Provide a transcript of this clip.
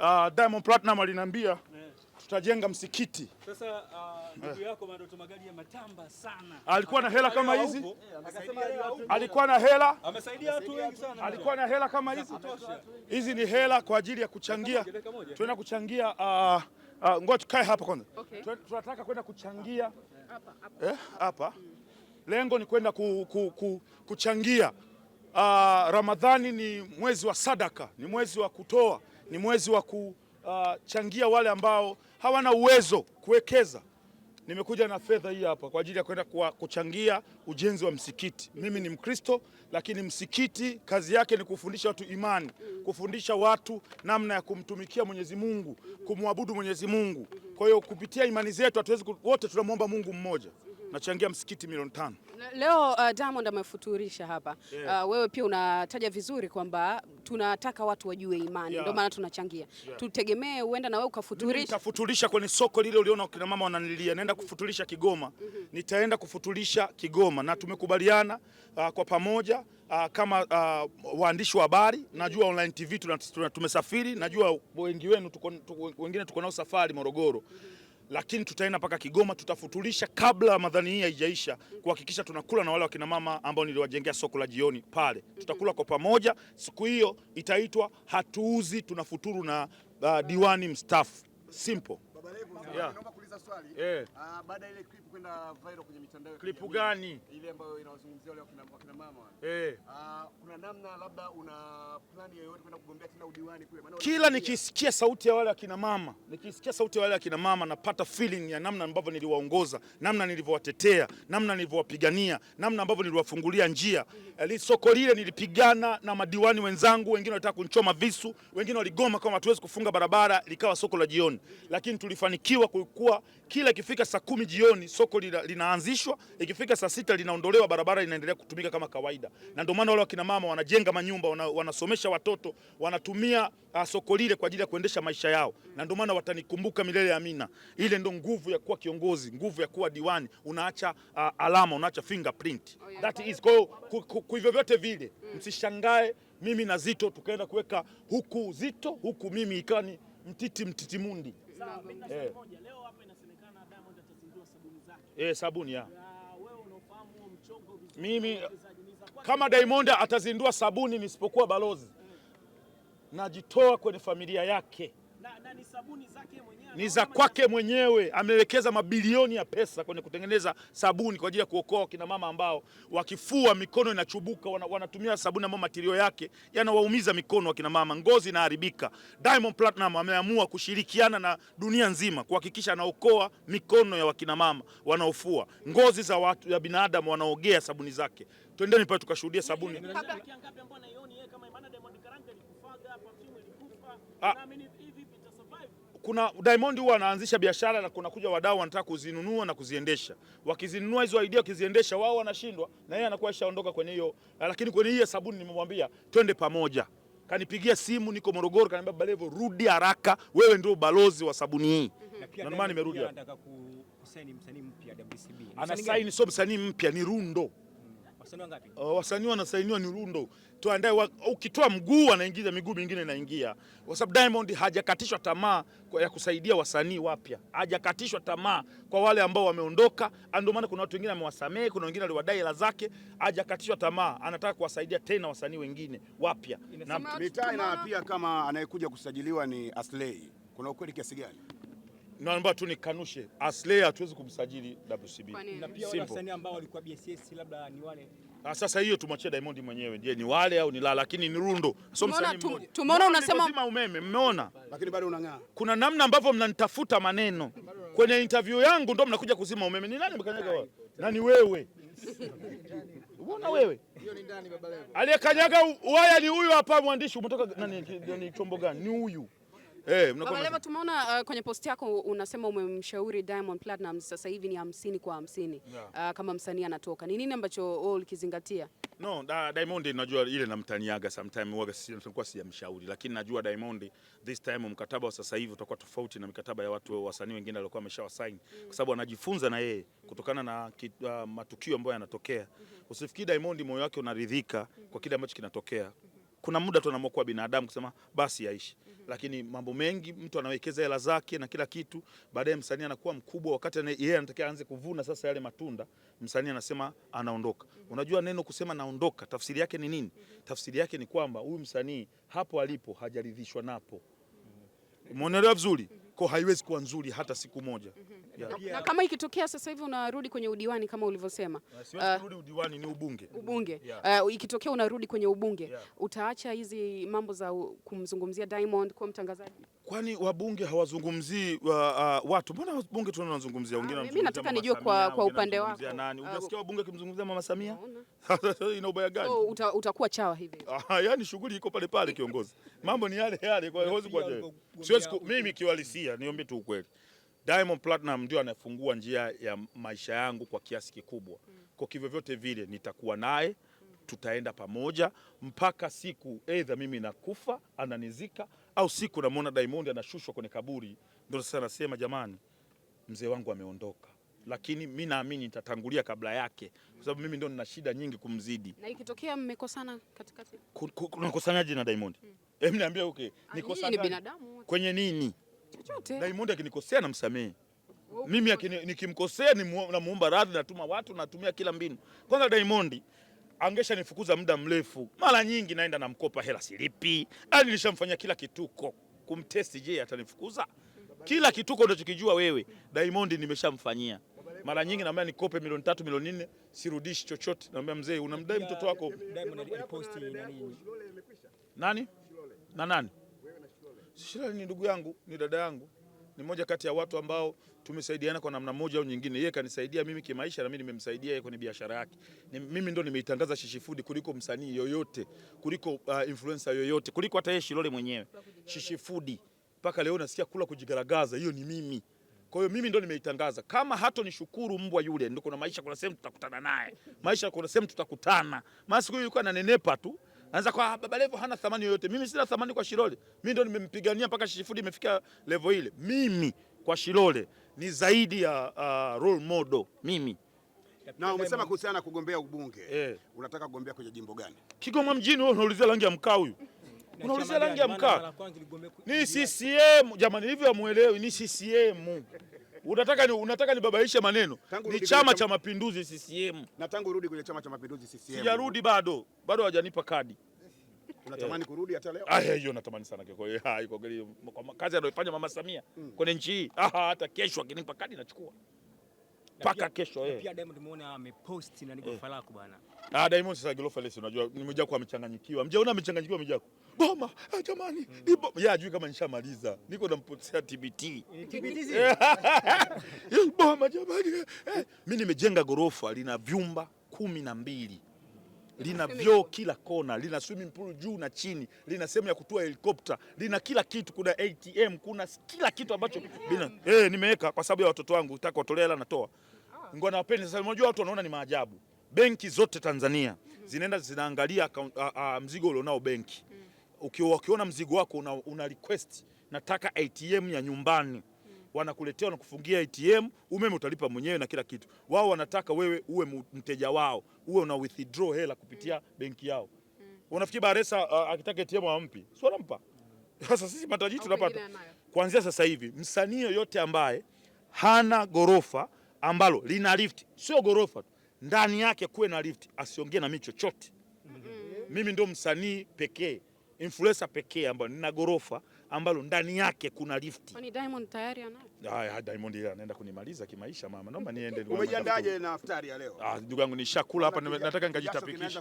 uh, Diamond Platinum aliniambia tutajenga msikiti. Sasa uh, ndugu yako Madoto Magari ya matamba sana. Alikuwa na hela kama hizi? Alikuwa na hela? Amesaidia watu wengi sana. Alikuwa na hela kama hizi? Hizi ni hela kwa ajili ya kuchangia. Tunaenda kuchangia uh, uh, ngoja tukae hapa kwanza. Okay. Tunataka kwenda kuchangia hapa hapa. Eh, hapa. Lengo ni kwenda ku, ku, ku, kuchangia. Uh, Ramadhani ni mwezi wa sadaka, ni mwezi wa kutoa ni mwezi wa kuchangia uh, wale ambao hawana uwezo kuwekeza. Nimekuja na fedha hii hapa kwa ajili ya kwenda kuchangia ujenzi wa msikiti. Mimi ni Mkristo, lakini msikiti kazi yake ni kufundisha watu imani, kufundisha watu namna ya kumtumikia Mwenyezi Mungu, kumwabudu Mwenyezi Mungu. Kwa hiyo kupitia imani zetu hatuwezi wote, tunamwomba Mungu mmoja. Nachangia msikiti milioni tano. Leo uh, Diamond amefuturisha hapa yeah. Uh, wewe pia unataja vizuri kwamba tunataka watu wajue imani yeah. Ndio maana tunachangia yeah. Tutegemee uenda na wewe ukafuturisha, nitafuturisha kwenye soko lile, uliona kina mama wananilia, naenda kufuturisha Kigoma mm -hmm. Nitaenda kufuturisha Kigoma na tumekubaliana uh, kwa pamoja uh, kama uh, waandishi wa habari, najua online TV tumesafiri, najua wengi wenu tuko, tuko, wengine tuko nao safari Morogoro mm -hmm lakini tutaenda mpaka Kigoma, tutafutulisha kabla madhani hii haijaisha, kuhakikisha tunakula na wale wakina mama ambao niliwajengea soko la jioni pale. Tutakula kwa pamoja, siku hiyo itaitwa hatuuzi tunafuturu na uh, diwani mstaafu. Simple. Yeah. Yeah. Uh, baada ile clip kwenda viral kwenye mitandao, clip gani ile ambayo inawazungumzia wale wakina mama, eh, ah, namna labda una plani yoyote kwenda kugombea tena udiwani kule? Maana kila nikisikia sauti ya wale akina mama, nikisikia sauti ya wale akina mama napata feeling ya namna ambavyo niliwaongoza, namna nilivyowatetea, namna nilivyowapigania, namna ambavyo niliwafungulia njia. Ali Soko lile nilipigana na madiwani wenzangu, wengine walitaka kunchoma visu, wengine waligoma kama hatuwezi kufunga barabara, likawa soko la jioni, lakini tulifanikiwa kuikuwa. Kila ikifika saa kumi jioni soko lina, linaanzishwa, ikifika saa sita linaondolewa, barabara inaendelea kutumika kama kawaida, na ndio maana wale wakina mama wanajenga manyumba, wanasomesha watoto, wanatumia uh, soko lile kwa ajili ya kuendesha maisha yao, na ndio maana watanikumbuka milele amina. Ile ndo nguvu ya kuwa kiongozi, nguvu ya kuwa diwani, unaacha uh, alama, unaacha fingerprint. Oh, That is kwa hivyo vyote vile, mm. msishangae mimi na Zito tukaenda kuweka huku Zito huku mimi ikawa ni mtiti mtiti mundi. Sawa, mimi na moja leo hapa inasemekana Diamond atazindua sabuni zake. Eh, sabuni ya mimi kama Diamond atazindua sabuni nisipokuwa balozi, najitoa kwenye familia yake na, na ni sabuni zake mwenyewe ni za kwake mwenyewe. Amewekeza mabilioni ya pesa kwenye kutengeneza sabuni kwa ajili ya kuokoa kina mama ambao wakifua mikono inachubuka, wanatumia sabuni ambayo matirio yake yanawaumiza mikono wa kina mama, ngozi inaharibika. Diamond Platinum ameamua kushirikiana na dunia nzima kuhakikisha anaokoa mikono ya wakina mama wanaofua, ngozi za watu ya binadamu wanaogea sabuni zake. Twendeni pale tukashuhudia sabuni kuna Diamond huwa anaanzisha biashara na kuna kuja wadau wanataka kuzinunua na kuziendesha. Wakizinunua hizo idea, wakiziendesha wao wanashindwa na yeye anakuwa ashaondoka kwenye hiyo, lakini kwenye hii ya sabuni nimemwambia twende pamoja. Kanipigia simu, niko Morogoro, kaniambia Baba rudi haraka, wewe ndio balozi wa sabuni hii. Na maana nimerudi. Anataka kusaini msanii mpya WCB. anasaini sio msanii mpya, ni rundo wasanii wangapi? Oh, wasanii wanasainiwa ni rundo, tuandae. Ukitoa mguu anaingiza miguu mingine inaingia, kwa sababu Diamond hajakatishwa tamaa ya kusaidia wasanii wapya, hajakatishwa tamaa kwa wale ambao wameondoka. Ah, ndio maana kuna watu wengine amewasamehe, kuna wengine aliwadai hela zake, hajakatishwa tamaa, anataka kuwasaidia tena wasanii wengine wapya. Na mitaa kama anayekuja kusajiliwa ni Aslay, kuna ukweli kiasi gani? naomba tu nikanushe, Aslay hatuwezi kumsajili WCB. Na pia wale wasanii ambao walikuwa BSS labda ni wale. Ah, sasa hiyo tumwachie Diamond mwenyewe. Je, ni wale au ni la, lakini ni rundo. so msanii mmoja. Tumeona unasema mzima umeme, mmeona? Lakini bado unang'aa. Kuna namna ambavyo mnanitafuta maneno. Kwenye interview yangu ndio mnakuja kuzima umeme. Ni nani mkanyaga wewe? Na ni wewe. Unaona wewe? Hiyo ni ndani baba leo. Aliyekanyaga waya ni huyu hapa mwandishi. Umetoka nani Ni chombo gani? Ni huyu. Hey, eh, tumeona uh, kwenye post yako unasema umemshauri Diamond Platnumz sasa hivi ni hamsini kwa hamsini yeah. Uh, kama msanii anatoka ni nini ambacho wewe uh, ulikizingatia? No, da, Diamond najua ile namtaniaga sometime huwa sikuwa sijamshauri, lakini najua Diamond this time mkataba wa sasa hivi utakuwa tofauti na mikataba ya watu wasanii wengine waliokuwa ameshawasaini mm. kwa sababu anajifunza na yeye kutokana na uh, matukio ambayo yanatokea mm -hmm. Usifikiri Diamond moyo wake unaridhika mm -hmm. kwa mm-hmm. kile ambacho kinatokea mm -hmm. Kuna muda tu anaamua kuwa binadamu kusema basi yaishi lakini mambo mengi mtu anawekeza hela zake na kila kitu, baadaye msanii anakuwa mkubwa, wakati yeye anatakiwa aanze kuvuna sasa yale matunda, msanii anasema anaondoka. Unajua neno kusema naondoka, tafsiri yake ni nini? Tafsiri yake ni kwamba huyu msanii hapo alipo hajaridhishwa napo. Umeonelewa vizuri? kwa haiwezi kuwa nzuri hata siku moja. mm -hmm. yeah. Na kama ikitokea sasa hivi unarudi kwenye udiwani kama ulivyosema, uh, udiwani ni ubunge, ubunge. Yeah. Uh, ikitokea unarudi kwenye ubunge yeah. Utaacha hizi mambo za kumzungumzia Diamond kwa mtangazaji Kwani wabunge hawazungumzii wa, uh, watu? Mbona wabunge tunaona wanazungumzia wengine. Ah, mimi nataka nijue kwa, kwa upande wako nani unasikia uh, wabunge kimzungumzia mama Samia ina ubaya gani? So, oh, uta, utakuwa chawa hivi ah, yani shughuli iko pale pale kiongozi, mambo ni yale yale, kwa hiyo siwezi siwezi mimi kiwalisia, niombe tu ukweli, Diamond Platinum ndio anafungua njia ya maisha yangu kwa kiasi kikubwa, mm. kwa hivyo vyote vile nitakuwa naye mm. tutaenda pamoja mpaka siku aidha mimi nakufa ananizika au siku namwona Diamond anashushwa kwenye kaburi, ndio sasa nasema jamani, mzee wangu ameondoka lakini mi naamini nitatangulia kabla yake, kwa sababu mimi ndo nina shida nyingi kumzidi. Na ikitokea mmekosana katikati, unakosanaje na Diamond? Hmm. Hebu niambie, okay, nikosana ah, ni binadamu kwenye nini? Chochote. Diamond akinikosea namsamehe mimi, nikimkosea namuomba radhi, natuma watu, natumia kila mbinu. Kwanza Diamond angeshanifukuza muda mrefu. Mara nyingi naenda namkopa hela silipi, ani nilishamfanyia kila kituko kumtesti. Je, atanifukuza? Kila kituko unachokijua wewe Diamond nimeshamfanyia mara nyingi, naambia nikope milioni tatu milioni nne, sirudishi chochote. Naambia mzee, unamdai mtoto wako nani na nani? Shilole ni ndugu yangu, ni dada yangu, ni moja kati ya watu ambao tumesaidiana kwa namna moja au nyingine. Yeye kanisaidia mimi kimaisha na mimi nimemsaidia yeye kwenye biashara yake. Ni, mimi ndo nimeitangaza Shishi Food kuliko msanii yoyote, kuliko uh, influencer yoyote, kuliko hata yeye Shilole mwenyewe. Shishi Food mpaka leo nasikia kula kujigaragaza, hiyo ni mimi. Kwa hiyo mimi ndo nimeitangaza. Kama hato nishukuru mbwa yule, ndio kuna maisha, kuna sehemu tutakutana naye. Maisha kuna sehemu tutakutana. Maana siku hiyo yuko ananenepa tu. Anza kwa Baba Levo hana thamani yoyote. Mimi sina thamani kwa Shilole. Mimi ndo nimempigania mpaka Shishi Food imefika level ile. Mimi kwa Shilole ni zaidi ya uh, role model mimi. Na umesema kuhusiana na kugombea ubunge eh, unataka kugombea kwenye jimbo gani? Kigoma mjini. Wewe unaulizia rangi ya mkaa huyu, unaulizia rangi ya mkaa. Ni CCM jamani, hivyo amuelewi ni CCM Unataka ni, unataka nibabaishe maneno ni Chama cha Mapinduzi CCM. Na tangu rudi kwenye Chama cha Mapinduzi CCM. Sijarudi bado, bado hawajanipa kadi. Unatamani yeah. kurudi hata leo? Ah, hiyo natamani sana kwa hiyo hai ah, kwa kweli kwa kazi anayofanya Mama Samia mm. kwenye nchi hii. Ah, ah hata kesho akinipa kadi nachukua. Paka kesho eh. Pia Diamond umeona amepost na niko eh. falaku bwana. Ah, Diamond sasa gorofa lesi unajua kwa amechanganyikiwa. Mjaona amechanganyikiwa Mwijaku. Boma, ah, jamani. Mm. Nipo. Yeah, ajui kama nishamaliza. Niko nampotea TBT. TBT. Eh, eh, boma jamani. Eh, Mimi nimejenga gorofa lina vyumba kumi na mbili lina vyoo kila kona, lina swimming pool juu na chini, lina sehemu ya kutua helikopta, lina kila kitu, kuna ATM, kuna kila kitu ambacho bila eh, nimeweka kwa sababu ya watoto wangu, nataka watolee hela, natoa ah. ngoja nawapende. Sasa unajua watu wanaona ni maajabu, benki zote Tanzania zinaenda zinaangalia mzigo ulionao benki. Mm. Ukiona mzigo wako una, una request nataka ATM ya nyumbani wanakuletea wanakufungia ATM, umeme utalipa mwenyewe na kila kitu. Wao wanataka wewe uwe mteja wao, uwe una withdraw hela kupitia mm. benki yao mm. unafikiri Baresa uh, akitaka ATM awampi si wanampa? Sasa sisi matajiri tunapata kuanzia sasa hivi, msanii yoyote ambaye hana gorofa ambalo lina lift, sio gorofa tu ndani yake kuwe na lift, asiongee na mimi chochote mm -hmm. mimi ndio msanii pekee influencer pekee ambayo nina gorofa ambalo ndani yake kuna lifti. Kwani Diamond tayari anayo? Haya, Diamond ile anaenda kunimaliza kimaisha mama. Naomba niende. Umejiandaje na iftari ya leo? Ah, ndugu yangu nishakula hapa nataka nikajitabikisha.